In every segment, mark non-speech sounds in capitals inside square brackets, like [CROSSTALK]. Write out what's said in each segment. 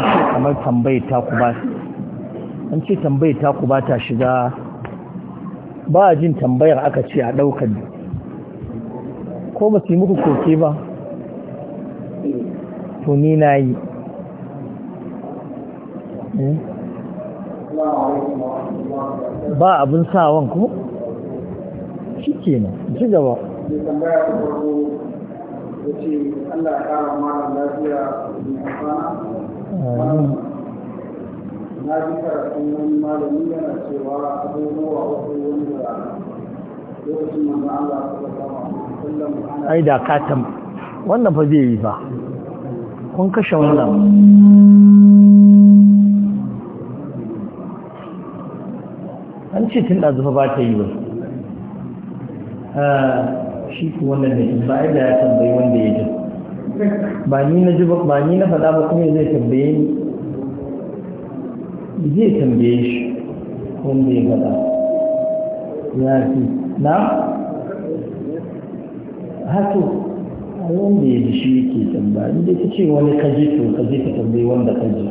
kamar tambayar ta ku ba an ce tambayi ta ku ba ta shiga ba jin tambayar aka ce a ɗaukar ko ba su yi muku koke ba to ni na yi eh? ba abin sawan ko shi ke nan ji gaba ai da katam wannan fa zai yi ba kun kashe wannan an ce tun ɗazufa ba ta yi ba ah, shi ku wannan da ba ya tambayi wanda ya jiru ba ni na ji ba ni na faɗa ba kuma zai tambaye ni zai tambaye shi wanda ya faɗa ya fi na haka wanda ya ji shi yake ni inda ta ce wani kaji to kaji ka tambayi wanda kaji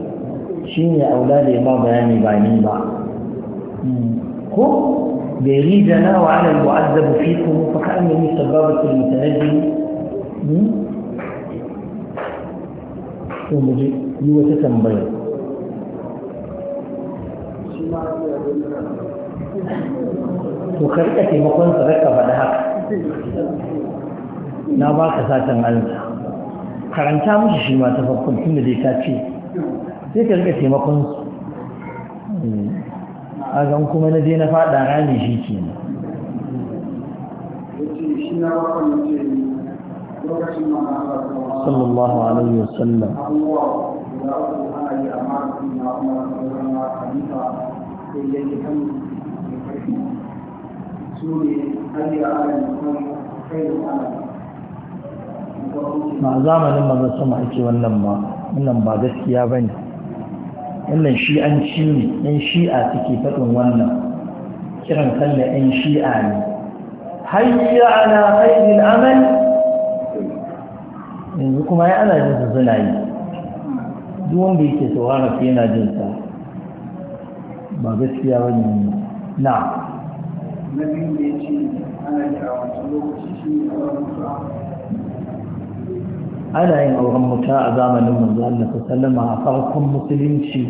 shi ne wula da ya ba bayani ba ni ba ko yi jana wa alal mu'azzabu fikum fa ka'annani sababatu mutanajjim hmm? to mu je yi wata tambaya to karka taimakon sa raka faɗa haka na ba ka satan alza karanta musu shi ma ta farkon tun da dai ta ce sai ka rika taimakon su hmm. a zan kuma na je na faɗa rami shi ke صلى الله عليه وسلم ma zamanin maza sama ake wannan ba wannan ba gaskiya ba ne wannan shi'anci ne ɗan shi'a suke faɗin wannan kiran kalla ɗan shi'a ne hayya ala hayyul amal yanzu kuma ya ana jin suna yi duk wanda yake saurara su yana jin ba gaskiya ba ne na ana yin auren muta a zamanin manzo Allah sallama a farkon musulunci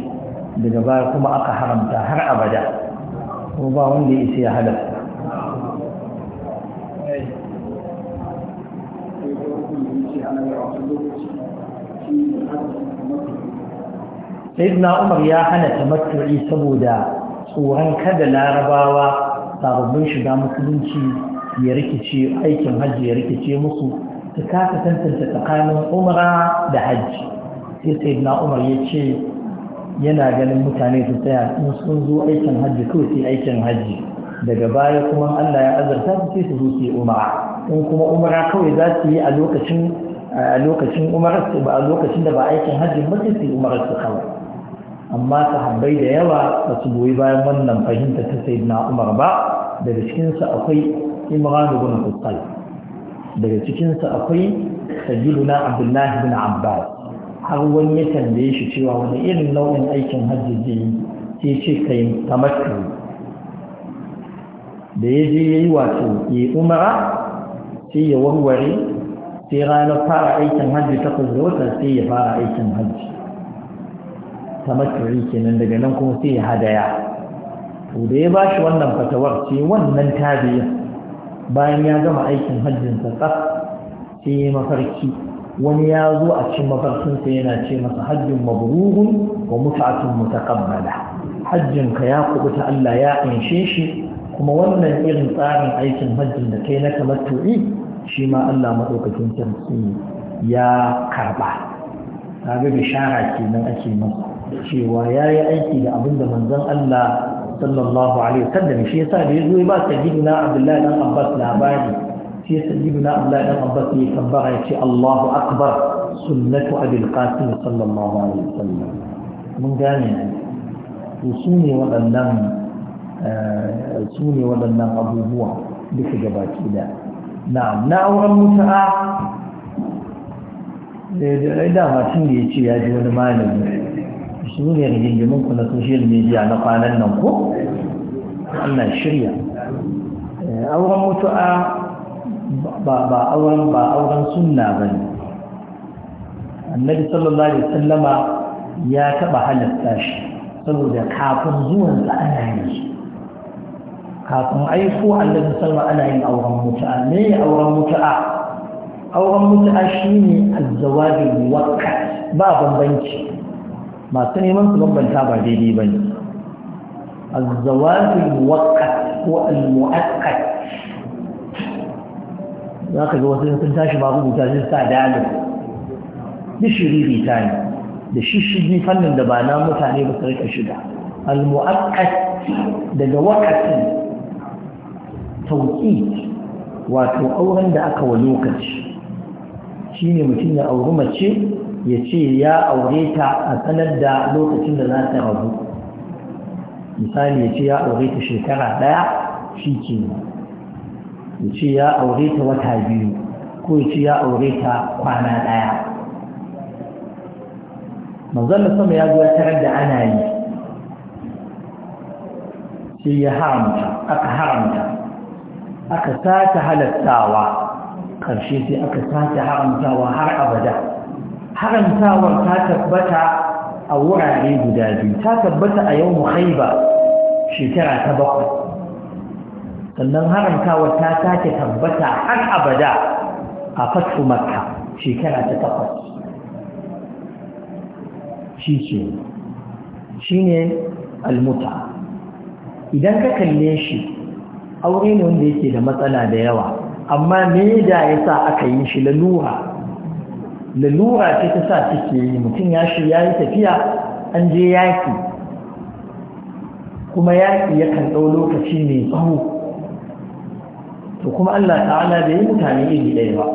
daga baya kuma aka haramta har abada kuma ba wanda ya isa ya halatta yi sai na umar ya hana tamattu'i saboda tsoron kada larabawa sababbin shiga musulunci ya rikice aikin hajji ya rikice musu ta kasa tantance tsakanin umara da hajji sai sai na umar ya ce yana ganin mutane su tsaya in sun zo aikin hajji kawai sai aikin hajji daga baya kuma allah ya azarta su sai su zo su umara in kuma umara kawai za su yi a lokacin a lokacin umararsu ba a lokacin da ba aikin hajji ba sai umararsu kawai amma sahabbai da yawa ba su goyi bayan wannan fahimta ta sai na umar ba daga cikinsu akwai imran ibn hussein daga cikinsu akwai sayyiduna abdullahi bin abbas har wani ya tambaye shi cewa wani irin nau'in aikin hajji zai ce ce kai tamattu da ya je ya yi wato ya umara sai ya warware sai ranar fara aikin hajji takwas da wata sai ya fara aikin hajji tamattu'i kenan daga nan kuma sai ya hadaya to da ya ba shi wannan fatawar ce wannan tabiyin bayan ya gama aikin hajjin sa sai ya mafarki wani ya zo a cikin mafarkinsa yana ce masa hajjin mabrurun wa mut'atun mutaqabbala hajjin ka ya kubuta Allah ya anshe shi kuma wannan irin tsarin aikin hajjin da kai na tamattu'i shi ma Allah maɗaukakin sarki ya karɓa kaga bishara kenan ake masa cewa ya yi aiki da abin da manzon Allah sallallahu alaihi wasallam shi yasa da yazo ya ba na Abdullahi dan Abbas labari sai na Abdullahi dan Abbas ya kabbara ya ce Allahu akbar sunnatu abil qasim sallallahu alaihi wasallam mun gane to su ne waɗannan eh, su ne waɗannan abubuwa duka gabaki da na'am na'urar mutu'a eh, da dama tun da ya ce ya ji wani malami shi ne rigingimin ku na social media na kwanan nan ko ana shirya eh, auren mutu'a ba auren ba auren sunna ba ne annabi sallallahu alaihi wasallama ya taba halatta shi saboda kafin zuwansa ana yi kafin aiko annabi sallallahu ana yin auren mutu'a ne auren mutu'a auren mutu'a shine azzawaji muwakka ba bambanci masu neman su bambanta ba daidai bane azzawaji muwakka ko almu'akkat za ka ga wasu sun tashi ba rubuta sun sa dalil bishiri ta ne da shishigi fannin da ba na mutane ba su rika shiga al daga wakatin tauki wato auren da aka wa lokaci shine mutum ya auri mace ya ce ya aure ta a sanar da lokacin da za ta rabu misali ya ce ya aure ta shekara ɗaya shi ke ya ce ya aure ta wata biyu ko ya ce ya aure ta kwana ɗaya manzon sama ya zuwa tarar da ana yi sai ya haramta aka haramta aka sata halattawa ƙarshe sai aka sata haramtawa har abada haramtawar ta tabbata a wurare guda biyu ta tabbata a yau muhaiba shekara ta bakwai sannan haramtawar ta sake tabbata har abada a fatu makka shekara ta takwas shi ce shi ne almuta idan ka kalle shi aure ne wanda yake da matsala da yawa amma me da ya sa aka yi shi lalura lalura ce ta sa suke yi mutum ya ya yi tafiya an je yaki kuma yaki yakan ɗau lokaci mai tsawo to kuma Allah ta'ala bai yi mutane iri ɗaya ba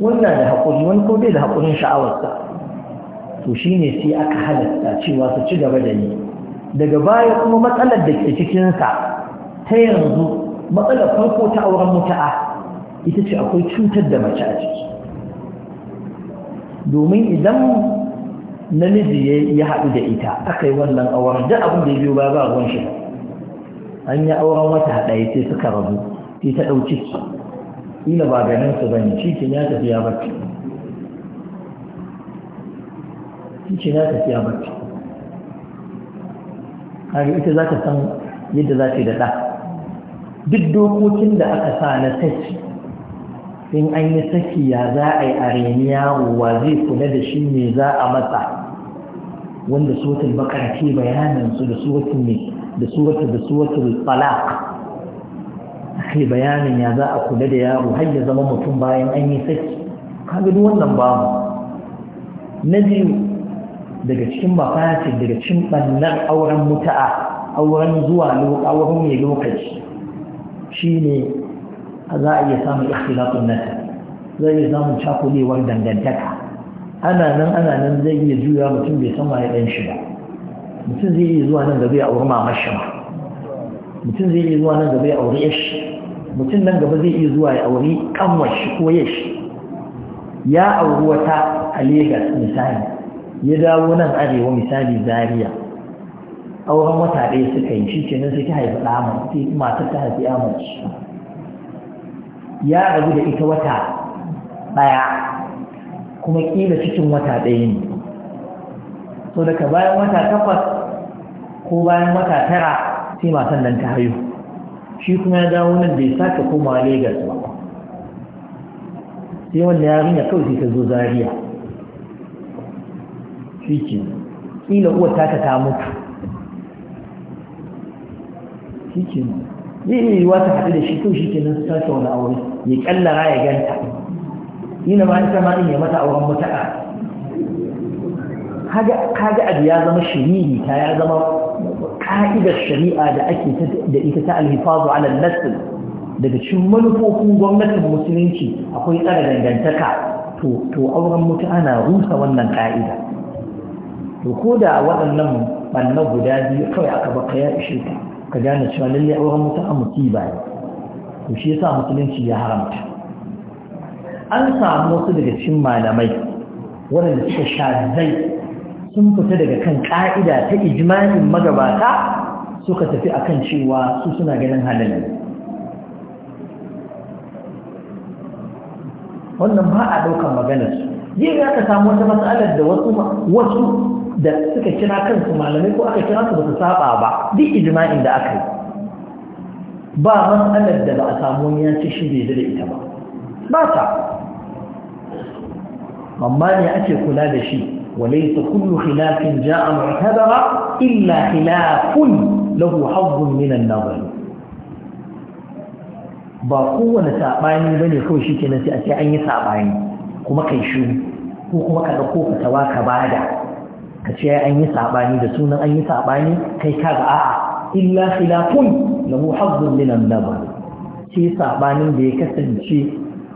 wannan da haƙuri wani ko bai da haƙurin sha'awarsa to shine sai aka halatta cewa su ci gaba da yi daga baya kuma matsalar da ke cikinsa ta yanzu matsalar farko ta auren mutu'a ita ce akwai cutar da mace a ciki domin idan namiji ya haɗu da ita aka yi wannan auren duk abin da ya biyo ba ba ruwan shi an yi auren wata ɗaya sai suka rabu sai ta ɗauki su ina ba ganin su ba ne, cikin ya tafi ya bacci cikin ya tafi ya bacci ita za ta san yadda za ta yi da ɗa duk dokokin da aka sa na saki in an yi saki ya za a yi a reni yawo wa zai kula da shi ne za a matsa wanda suratul bakara ke bayanin su da suratul ne da suratul da suratul talaq ake bayanin ya za a kula da yaro har ya zama mutum bayan an yi saki kaga duk wannan babu na biyu daga cikin mafaci daga cikin ɓannar auren muta'a auren zuwa auren mai lokaci Shi ne za a iya samun ikhtilafun nasab zai iya samun cakulewar dangantaka ana nan ana nan zai iya juya mutum bai san waye dan shi ba mutum zai iya zuwa nan gaba ya auri mamar shi ba mutum zai iya zuwa nan gaba ya auri yashi mutum nan gaba zai iya zuwa ya auri kanwar shi ko yashi ya auri wata a Legas misali ya dawo nan arewa misali Zaria auren wata ɗaya suka yi shi kenan sai ta haifi ɗama sai matar ta haifi ɗamar shi ya rabu da ita wata ɗaya kuma ƙila cikin wata ɗaya ne so daga bayan wata takwas ko bayan wata tara sai matan nan ta haihu shi kuma ya dawo nan bai sake komawa Legas ba sai wanda yarinya kawai sai ta zo Zariya. shi ke ƙila uwar ta ta mutu shi ke zai iya yiwuwa ta haɗu da shi to shi ke nan su wani aure ya kallara ya ganta ina ma ita ma ya mata auren muta'a kaga abu ya zama shiriri ta ya zama ka'idar shari'a da ake da ita ta alhifazu ala nasl daga cikin manufofin gwamnatin musulunci akwai tsara dangantaka to auren mutu'a na rusa wannan ka'ida to ko da waɗannan ɓannan guda biyu kawai aka baka ya ishe ka ka gane cewa lalle auren a musiba ne to shi yasa musulunci ya haramta an samu wasu daga cikin malamai waɗanda suka sha sun fita daga kan ƙa'ida ta ijma'in magabata suka tafi akan cewa su suna ganin halal wannan ba a ɗaukar maganar su yi ya ka samu wata matsalar da wasu da suka kira kansu malamai ko aka kira su ba su saba ba duk ijma'in da aka yi ba matsalar da ba a samu wani ya ce shi bai da ita ba ba ta amma ne ake kula da shi kullu كل خلاف جاء illa إلا خلاف له حظ من النظر ba kowane saɓani ba ne kawai shi ke nasi a sai an yi saɓani kuma kai shi ko kuma ka ɗauko fatawa ka bada ka ce an yi saɓani da sunan an yi saɓani kai ka ga a'a illa khilafun lahu hazzun min an-nazar shi saɓanin da ya kasance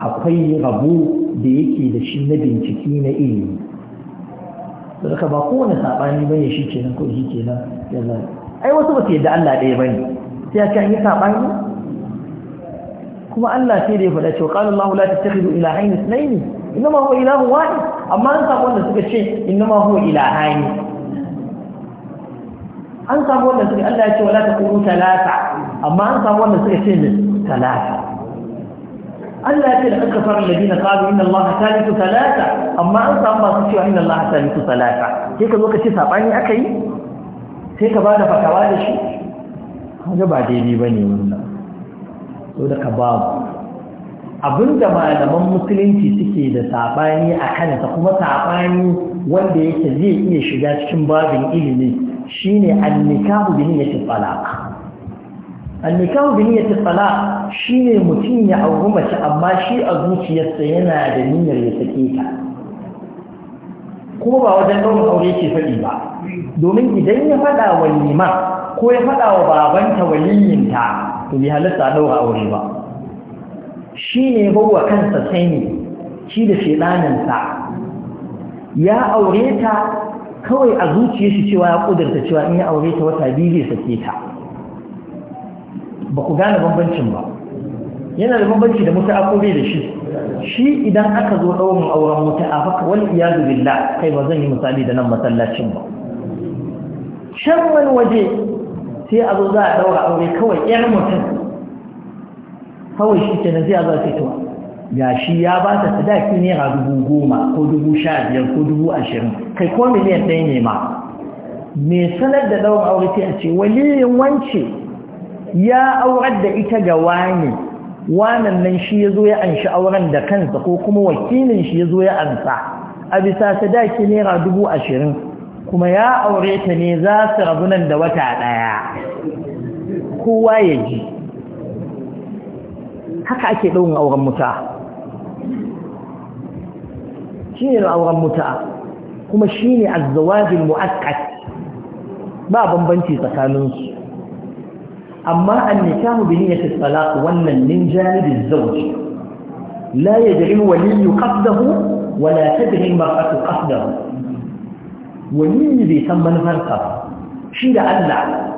akwai rabu da yake da shi na bincike na ilimi saboda ba kowane saɓani ba bane shi kenan ko shi kenan ya zai ai wasu ba su yadda Allah ɗaya ba ne. sai ya ka yi saɓani kuma Allah sai da ya faɗa cewa qala Allahu la tattakhidu ilahayn ithnayn inna ma huwa ilahu wahid amma an samu wanda suka ce inna ma huwa ilahani an samu wanda suka Allah ya ce wala taqulu talata amma an samu wanda suka ce ne talata Allah ya ce da aka fara ladina qalu inna Allah thalithu talata amma an samu masu cewa inna Allah thalithu talata sai ka zo ka ce sabani akai sai ka bada fatawa da shi kaga ba daidai bane wannan to da ka babu abinda malaman musulunci suke da saɓani a kansa kuma saɓani wanda yake zai iya shiga cikin babin ilimi shine annikahu bi talaq annikahu bi talaq shine mutum ya auri mace amma shi a zuciyarsa yana da niyyar ya sake ta kuma ba wajen ɗaurin aure yake faɗi ba domin idan ya faɗa wa liman ko ya faɗa wa babanta waliyinta to bai halatta ɗaura aure ba shi ne bawa kansa sani shi da shedaninsa ya aure ta kawai a zuciya shi cewa ya kudurta cewa in ya aure ta wata biyu zai sake ta ba ku gane bambancin ba yana da bambanci da mutu akobe da shi shi idan aka zo ɗaurin auren mutu a haka wani iyalu billah kai ba zan yi misali da nan masallacin ba shan wani waje sai a zo za a ɗaura aure kawai 'yar mutum kawai shi kenan a za su tuwa ya shi ya ba ta sadaki naira dubu goma ko dubu sha biyar ko dubu ashirin kai ko miliyan ɗaya ne ma Me sanar da ɗaurin aure sai a ce waliyin wance ya aurar da ita ga wani wanan nan shi ya zo ya anshi auren da kansa ko kuma wakilin shi ya zo ya ansa a bisa sadaki naira dubu ashirin kuma ya aure ta ne za su rabu nan da wata ɗaya kowa ya ji haka ake ɗaurin auren muta shi ne auren muta kuma shi ne azawajin mu'akkat ba bambanci tsakaninsu amma an nikahu bi niyyati talaq wannan min janibi zawj la yadri wali qasdahu wa la tadri mar'atu qasdahu wali zai san manufarsa shi da Allah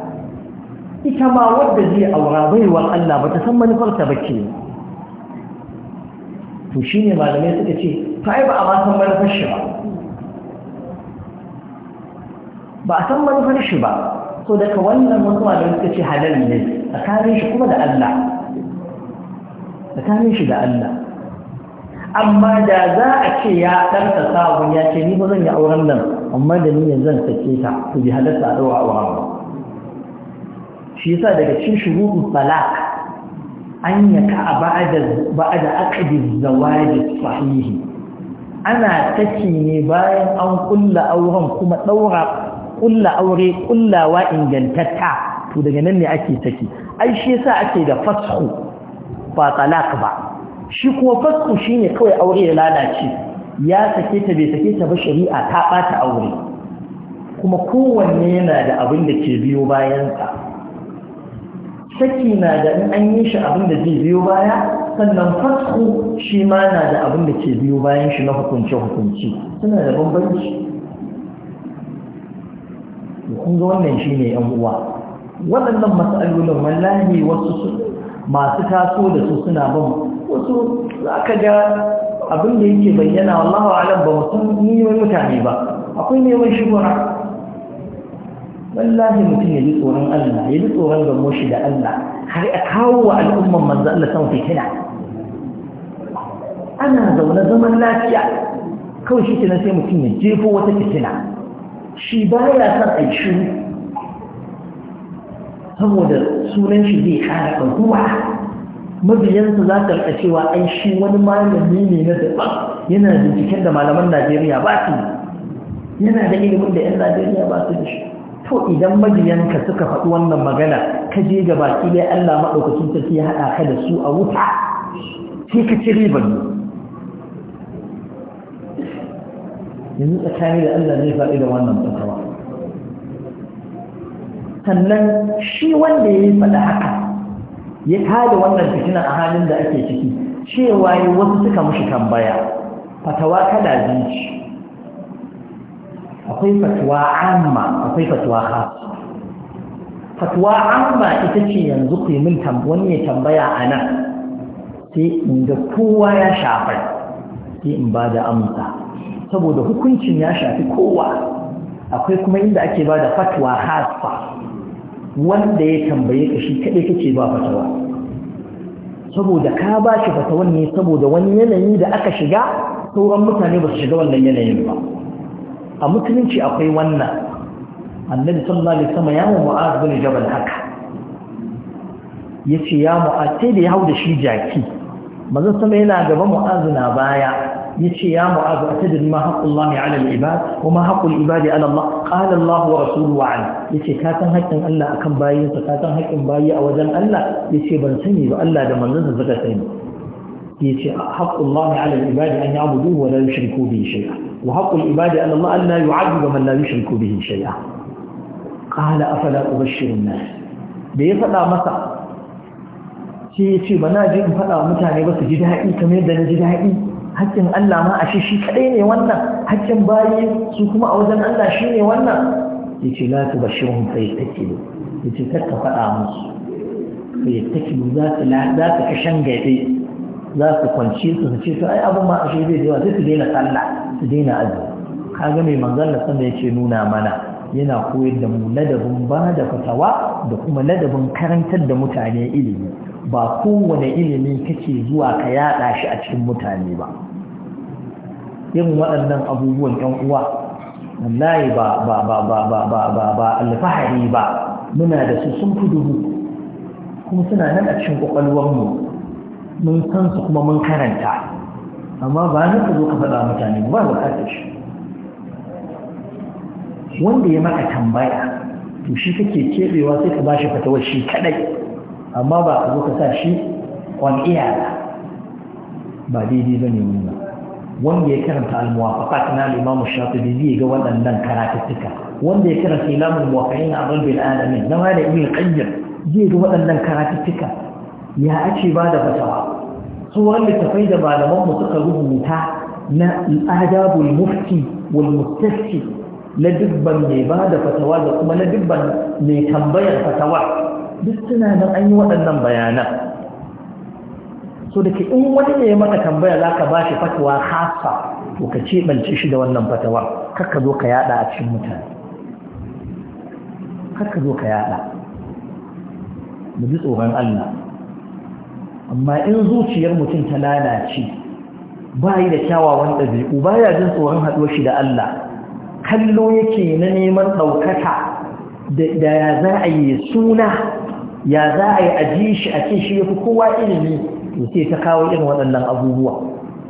ita ma wadda zai aura baiwar Allah ba ta san manufarta ba ke to shi ne malamai suka ce ta ba a ma san manufar shi ba ba a san manufar shi ba so daga wannan wasu malamai suka ce halal ne tsakanin shi kuma da Allah tsakanin shi da Allah amma da za a ce ya ɗanta sabon ya ce ni ba zan yi auren nan amma da ni yanzu zan sake ta ku bi halarta a ɗaura auren ba shi yasa daga cikin shuruɗin talaq an yaka ba'da ba'da aqdi zawaji sahihi ana take ne bayan an kulla auren kuma daura kulla aure kullawa ingantatta to daga nan ne ake take ai shi yasa ake da fasxu ba talaq ba shi kuma fasxu shine kawai aure ya lalace ya sake ta bai sake ta ba shari'a ta bata aure kuma kowanne yana da abin da ke biyo bayansa saki na da in an yi shi abin da zai biyo baya sannan fasku shi ma na da abin da ke biyo bayan shi na hukunce-hukunci suna da bambanci kun ga wannan shi ne yan uwa waɗannan matsalolin wallahi wasu masu taso da su suna ban wasu za ka ga abin da yake bayyana wallahu alam ba mutum mai mutane ba akwai neman shigura wallahi mutum ya ji tsoron Allah ya ji tsoron gamo shi da Allah har a kawo wa al'umman manzo Allah san fitina ana zaune zaman lafiya kawai shi kina sai mutum ya jefo wata fitina shi baya san a shiru saboda sunan shi zai kara ɗaukuwa mabiyansa za ka rika cewa ai shi wani malami ne na daban yana binciken da malaman Najeriya ba su yana da ilimin da 'yan Najeriya ba su da shi to idan majiyanka suka faɗi wannan magana ka je ga baki dai Allah maɗaukacin sarki ya haɗa ka da su a wuta sai ka ci riban yanzu tsakani da Allah zai faɗi da wannan fatawa sannan shi wanda ya yi faɗa haka ya tada wannan fitina a halin da ake ciki cewa yi wasu suka mashi tambaya fatawa kada biyu akwai fatuwa amma akwai fatuwa ha fatuwa amma ita ce yanzu ku yi min wani ya tambaya a nan sai in ga kowa ya shafar sai in ba da amsa saboda hukuncin ya shafi kowa akwai kuma inda ake ba da fatuwa wanda ya tambaye ka shi kaɗai kake ba fatawa saboda ka ba shi fatawan ne saboda wani yanayi da aka shiga sauran mutane ba su shiga wannan yanayin ba a musulunci akwai wannan annabi sallallahu alaihi sama ya mu'az bin jabal haka yace ya mu'az sai da ya hau da shi jaki manzon sama yana gaba mu'az na baya yace ya mu'az atadri ma haqqullahi 'ala al-ibad wa ma haqqul ibadi 'ala Allah qala Allah wa rasuluhu an yace ka san haƙƙin Allah akan bayinsa ka san haƙƙin bayi a wajen Allah yace ban sani ba Allah da manzon sa suka sani يتي حق الله على العباد أن يعبدوه ولا يشركوا به شيئا وحق العباد على الله أن لا يعذب من لا يشرك به شيئا قال أفلا أبشر الناس da ya faɗa masa shi ya ce ba na ji in faɗa mutane ba su ji daɗi kamar yadda na ji daɗi hakkin Allah ma a shi kaɗai ne wannan hakkin bayi su kuma a wajen Allah shi ne wannan ya ce la ta bashirun fa yattakilu ya ce kar ka faɗa musu fa yattakilu za ta za ta kashan gaɗe za su kwanci su su ce su: ai abin ma ashe zai zuwa sai su daina talla su daina Ka kaga mai manzan na sanda yake nuna mana yana koyar da mu ladabin ba da fatawa da kuma ladabin karantar da mutane ilimi ba kowane ilimi kake zuwa ka yaɗa shi a cikin mutane ba yin waɗannan abubuwan 'yan uwa wallahi ba ba ba ba ba ba ba ba alfahari ba muna da su sun fi dubu kuma suna nan a cikin mu mun san su kuma mun karanta amma ba na ka zo ka faɗa mutane ba bukatar shi wanda ya maka tambaya to shi kake keɓewa sai ka ba shi fatawar shi kaɗai amma ba ka zo ka sa shi on iya ba daidai ba ne nuna wanda ya karanta al-muwafaqat na al-imam shafi'i zai ga waɗannan karatuttuka wanda ya karanta ilamul muwafaqin na abul bil alamin na ma da ibn qayyim zai ga waɗannan karatuttuka ya ake ba da fatawa sauran littafai da malaman mu suka rubuta na adabul mufti wal mustafi na dubban mai ba da fatawa da kuma na dubban mai tambayar fatawa duk suna nan an yi waɗannan bayanan so da ke in wani ne ya maka tambaya za ka ba shi fatawa hasa to ka ce shi da wannan fatawa ka zo ka yada a cikin mutane ka zo ka yada mu ji tsoron Allah amma in zuciyar mutum ta lalace yi da kyawawan ɗabi'u baya jin tsoron haɗuwar shi da Allah kallo yake na neman ɗaukaka da ya za a yi suna ya za a yi aji shi a ce shi ya fi kowa ilimi to sai ta kawo irin waɗannan abubuwa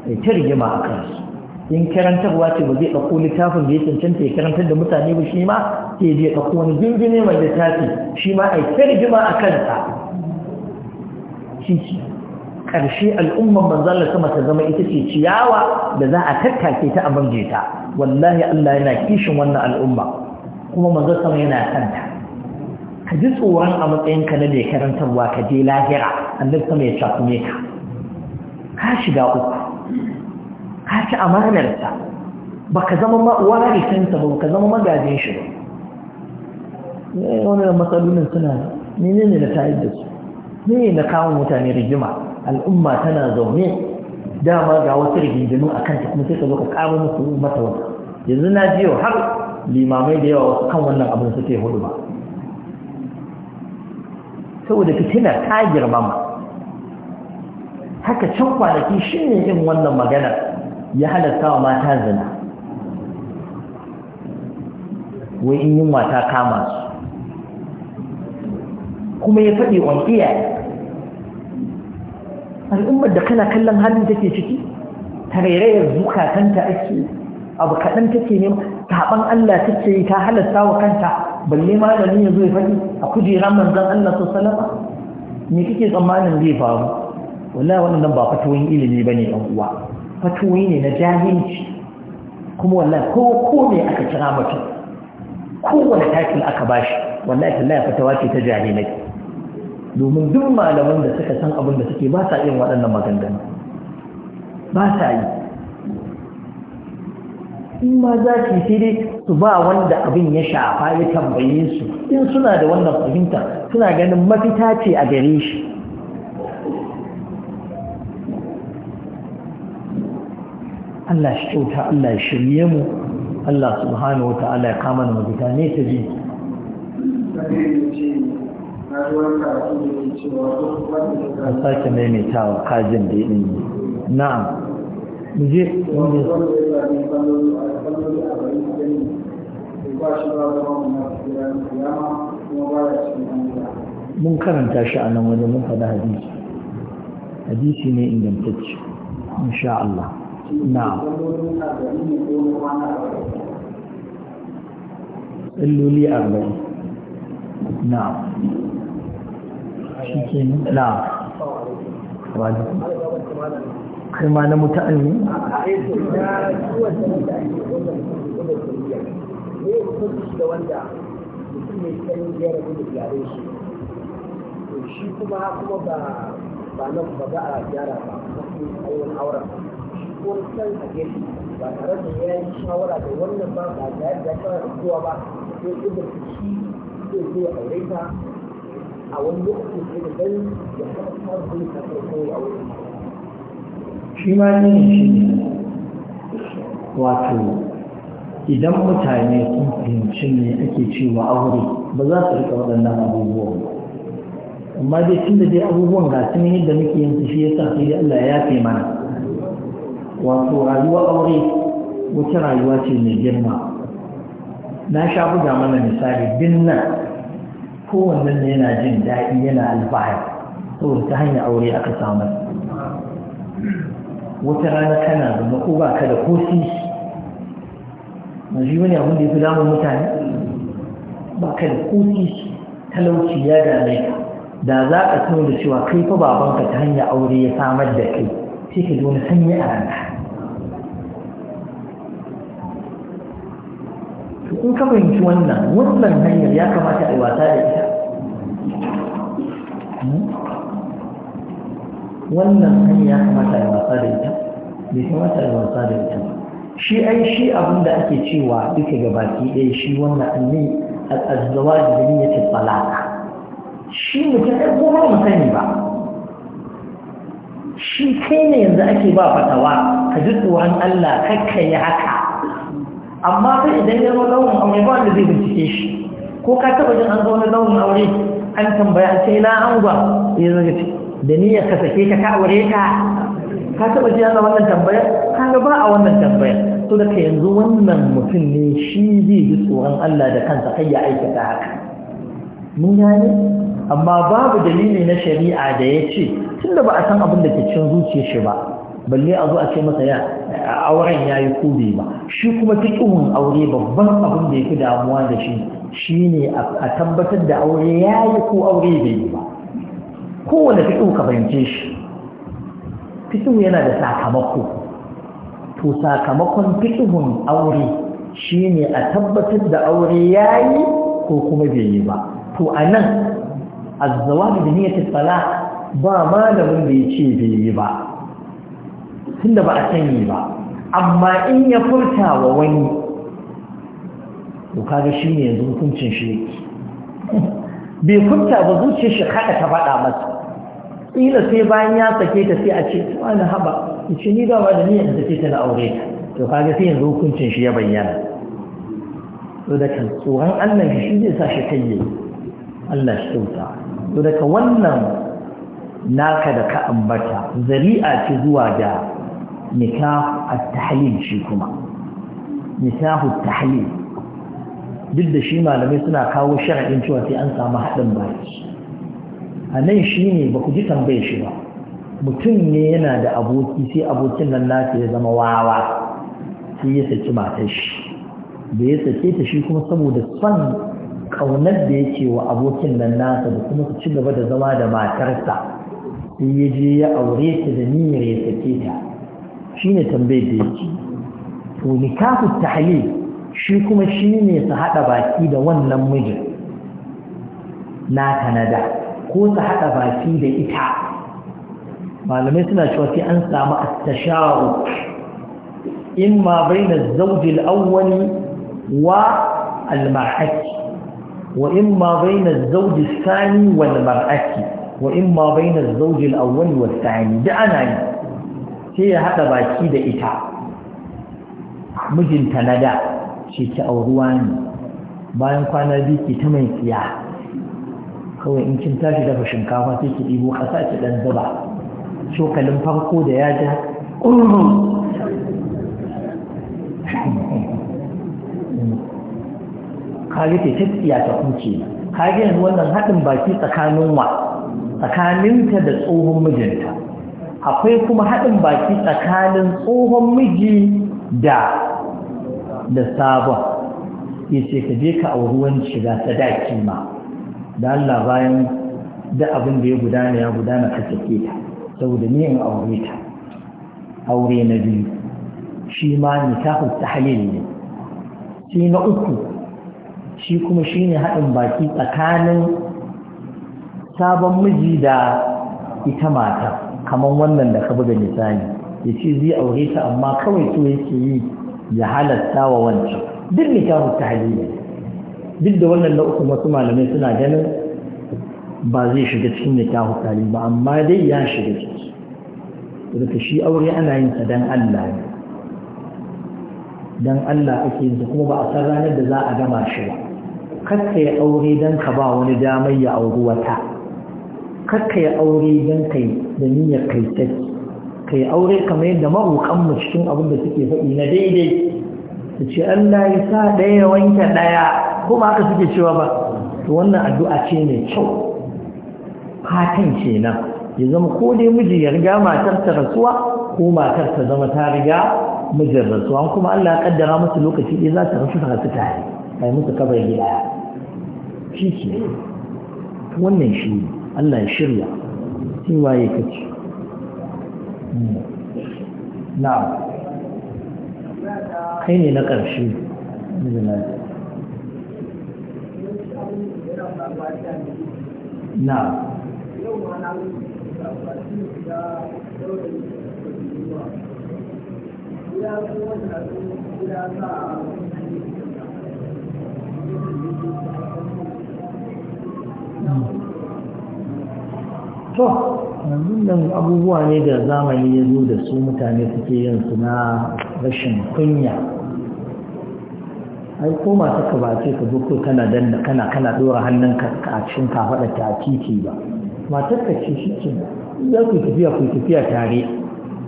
ya ta rigima a kansu in karantarwa ce ba zai ɗauko littafin da ya cancanta ya karantar da mutane ba shi ma sai zai ɗauko wani gingine mai littafi shi ma a ta rigima a kansa shi ƙarshe al'umman manzala sama ta zama ita ce ciyawa da za a tattake ta a ta wallahi Allah yana kishin wannan al'umma kuma manzala sama yana santa ka ji tsoron a matsayinka na mai karantarwa ka je lahira annabi sama ya cakume ka ka shiga uku ka ci amanarsa baka zama warisansa ba baka zama magajin shi ba eh, wannan matsalolin suna ne ne ta yi da su ne na kawo mutane rigima al'umma tana zaune dama ga wasu rigingimu a kanta kuma sai ka zo ka karo musu mata wata. yanzu na ji har limamai da yawa wasu kan wannan abin suke hudu ba saboda fitina ta girmama haka can kwanaki shi ne yin wannan magana ya halatta wa mata zina wai in yunwa ta kama su kuma ya faɗi on iyaye al'ummar da kana kallon halin take ciki ta tarairayar zukatanta ake abu kaɗan take ne saɓan Allah take yi ta halasta wa kanta balle malami ya zo ya faɗi a kujera manzon Allah su salama me kike tsammanin zai faru wallahi wannan ba fatawoyin ilimi ba ne ɗan uwa fatawoyi ne na jahilci kuma wallahi ko ko ne aka kira mutum kowane takil aka bashi wallahi tallahi fatawa ce ta jahilai domin duk malaman da suka san abin da suke ba sa yin waɗannan maganganu ba sa yi in ma za su yi dai su ba wanda abin ya shafa ya tambaye su in suna da wannan fahimta suna ganin mafita ce a gare shi Allah shi kyauta Allah shirye mu Allah subhanahu wa ta'ala ya kama da mafita ne ta ji an sake maimaitawa kajin da yi na'am je mun karanta shi a nan wajen mun faɗa hadisi hadisi ne ingantacce insha Allah na'am illoli arba'in na'am shi ke na wani kai ma na ne shi kuma kuma ba na ba za a gyara ba kuma ayyukan auren shi ko san a gefe ba tare da ya yi shawara da wannan ba ba da ya da kowa ba sai idan shi zai a wani lokaci sai da gani ya kasar zai kasar kawai a wurin shi ma yin shi wato idan mutane sun fahimci ne ake cewa aure ba za su rika waɗannan abubuwa ba amma dai tun da dai abubuwan ga sun yadda muke yin su shi ya sa sai Allah ya yafe mana wato rayuwa aure wata rayuwa ce mai girma na sha buga mana misali din nan kowannen ne yana jin daɗi yana alfahari saboda ta hanyar aure aka samu wata rana kana zama ko ba ka da ko sisi shi wani abin da ya fi damun mutane ba ka da ko sisi talauci ya dame ka da za ka tuno da cewa kai fa babanka ta hanyar aure ya samar da kai sai ka ji wani sanyi a ranka in ka fahimci wannan wannan hanyar ya kamata a yi wasa da ita hmm? wannan hanyar ya kamata a yi wasa da ita bai kamata a yi wasa da ita shi ai shi abin da ake cewa duka gabaki ɗaya shi wannan annin azzawa da zini ya ce tsalaka shi mutum ɗan goma mu sani ba shi kai ne yanzu ake ba fatawa ka ji tsoron Allah kakka yi haka amma sai idan ya zama launin aure ba wanda zai bincike shi ko ka taba jin an zo na aure an tambaya an ce na angwa ya zaga ce da ni ya kasake ka ka aure ka ka taba ji ana wannan tambayar ka ga ba a wannan tambayar to da yanzu wannan mutum ne shi zai ji tsoron Allah da kansa kai ya aikata haka mun gane amma babu dalili na shari'a da ya ce tunda ba a san abin da ke cin zuciyar shi ba balle a zo a ce masa ya a auren ya yi kube ba shi kuma fiƙihun aure babban abin da ya fi damuwa da shi shi ne a tabbatar da aure ya yi ko aure bai yi ba kowane fiƙihu ka fahimce shi fiƙihu yana da sakamako to sakamakon fiƙihun aure shi ne a tabbatar da aure ya yi ko kuma bai yi ba to a nan zawa da ba malamin da ya ce bai yi ba tunda ba a sanyi ba amma in ya furta wa wani to kaga shi ne yanzu hukuncin shi yake [LAUGHS] bai furta ba zuciyar shi kada ta faɗa masa kila sai bayan ya sake ta sai a ce wani haba ce ni da wani ne yanzu take ta na aure to kaga sai yanzu hukuncin shi ya bayyana to da kan tsoron Allah shi zai sa shi kai Allah shi kyauta to daga wannan naka da ka ambata zari'a ce zuwa da nikahu at shi kuma nikahu at duk da shi malamai suna kawo shar'in cewa sai an samu haɗin baki a nan shi ne ba ku ji tambaye shi ba mutum ne yana da aboki sai abokin nan nasu ya zama wawa sai ya saki matar shi da ya sake ta shi kuma saboda son ƙaunar da yake wa abokin nan nasa da kuma su ci gaba da zama da matarsa sai ya je ya aure ta da niyyar ya sake ta shine tambayar da yake to nikahu tahlil shi kuma shine su haɗa baki da wannan mijin na kanada ko su haɗa baki da ita malamai suna cewa sai an samu at-tashawu imma bayna az-zawj al-awwal wa al-mar'ati wa in ma az-zawj ath wal-mar'ati wa in ma az-zawj al-awwal wath da ana yi sai ya haɗa baki da ita mijinta na da ce ki auruwa ne bayan kwana biyu ta mai tsiya kawai in kin tashi dafa shinkafa sai ki ɗibo ƙasa ki ɗan zuba cokalin farko da ya ja ƙurru kage ta ta tsiya ta kuce kage yanzu wannan haɗin baki tsakanin wa tsakaninta da tsohon mijinta akwai kuma haɗin baki tsakanin tsohon miji da da sabon ya ce ka je ka auri wani shiga sadaki ma da Allah bayan da abin da ya gudana ya gudana ka sake ta saboda ni in aure ta aure na biyu shi ma nikahu tahlil ne shi na uku shi kuma shine haɗin baki tsakanin sabon miji da ita mata kamar wannan da ka buga misali ya ce zai aure ta amma kawai so yake yi ya halatta wa wancan duk nikahu tahlili duk da wannan na uku wasu malamai suna ganin ba zai shiga cikin nikahu tahlili ba amma dai ya shiga ciki daga shi aure ana yin sa dan Allah ne dan Allah ake yin kuma ba a san ranar da za a gama shi ba kar ka yi aure dan ka ba wani damar ya auri wata kakka ya aure don kai da niyyar kai ka kai aure kamar yadda mu cikin abin da suke faɗi na daidai da ce Allah ya sa ɗaya wanke ɗaya ko ba haka suke cewa ba to wannan addu'a ce mai kyau fatan kenan ya zama ko dai miji ya riga matar ta rasuwa ko matar ta zama ta riga mijin rasuwa kuma Allah ya kaddara musu lokaci ɗaya za ta rasu ta rasu tare ai musu kabar gida shi ke wannan shi ne Allah ya shirya shi waye kace na'am kai ne na ƙarshe na'am Thank you. to yanzu nan abubuwa ne da zamani ya zo da su mutane suke yin su na rashin kunya ai ko masu ka bace ka kana danna kana kana dora hannunka a cikin kafaɗa ta titi ba matar ka ce shi ce za ku tafiya ku tafiya tare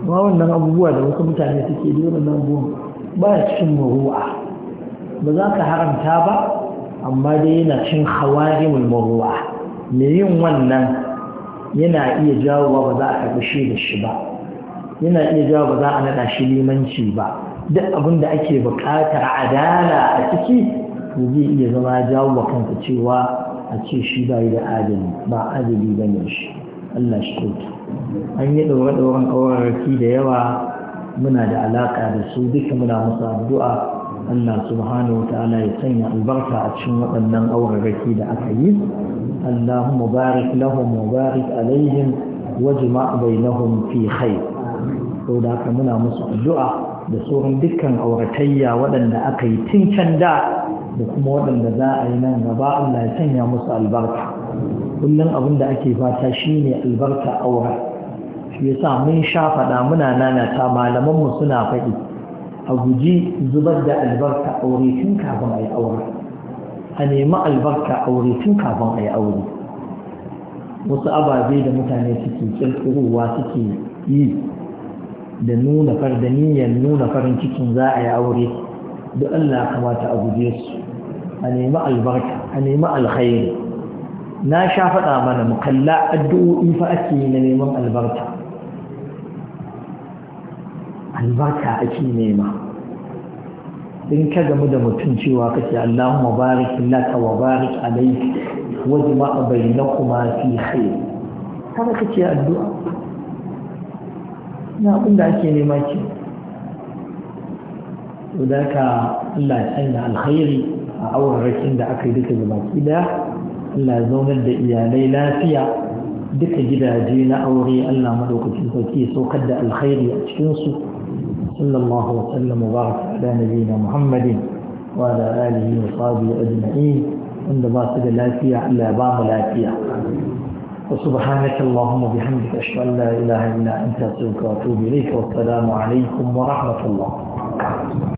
amma wannan abubuwa da wasu mutane suke yi wannan abubuwa ba ya cikin maru'a ba za ka haramta ba amma dai yana cin mai maru'a me yin wannan yana iya jawowa ba za a karɓi shi da shi ba yana iya jawo ba za a naɗa shi limanci ba duk abin da ake buƙatar adala a ciki to zai iya zama jawo wa kanka cewa a ce shi ba da adali ba adali ba ne shi Allah shi kyautu an yi ɗaure-ɗauren ƙawararraki da yawa muna da alaƙa da su duka muna musu addu'a Allah subhanahu wa ta'ala ya sanya albarka a cikin waɗannan ƙawararraki da aka yi اللهم بارك لهم وبارك عليهم واجمع بينهم في خير haka muna musu addu'a da sauran dukkan auratayya waɗanda aka yi tun can da da kuma waɗanda za a yi nan gaba Allah ya sanya musu albarka kullum abin da ake fata shine albarka aura shi yasa mun sha faɗa muna nanata malamanmu suna faɗi a guji zubar da albarka aure tun kafin a yi aure a nemi albarka aure tun kafin a yi aure wasu ababe da mutane suke kirkirowa suke yi da nuna niyyar nuna farin cikin za a yi aure da Allah kamata a guje su a nemi albarka a nemi alkhairi na sha faɗa mana mu kalla addu'o'i fa ake yi na neman albarka albarka ake nema in ka gamu da mutum cewa kake Allahumma barik laka wa barik alayka wajma bainakuma fi khair kada kace addu'a na abin ake nema ki? to ka Allah ya sanya alkhairi a aurarakin da aka yi duka gaba kida Allah ya zaunar da iyalai lafiya duka gidaje na aure Allah madaukakin sarki ya saukar da alkhairi a cikin su sallallahu alaihi wa sallam wa على نبينا محمد وعلى آله وصحبه أجمعين إن ما الآتية لا إلا بام لا وسبحانك اللهم وبحمدك أشهد أن لا إله إلا أنت أستغفرك وأتوب إليك والسلام عليكم ورحمة الله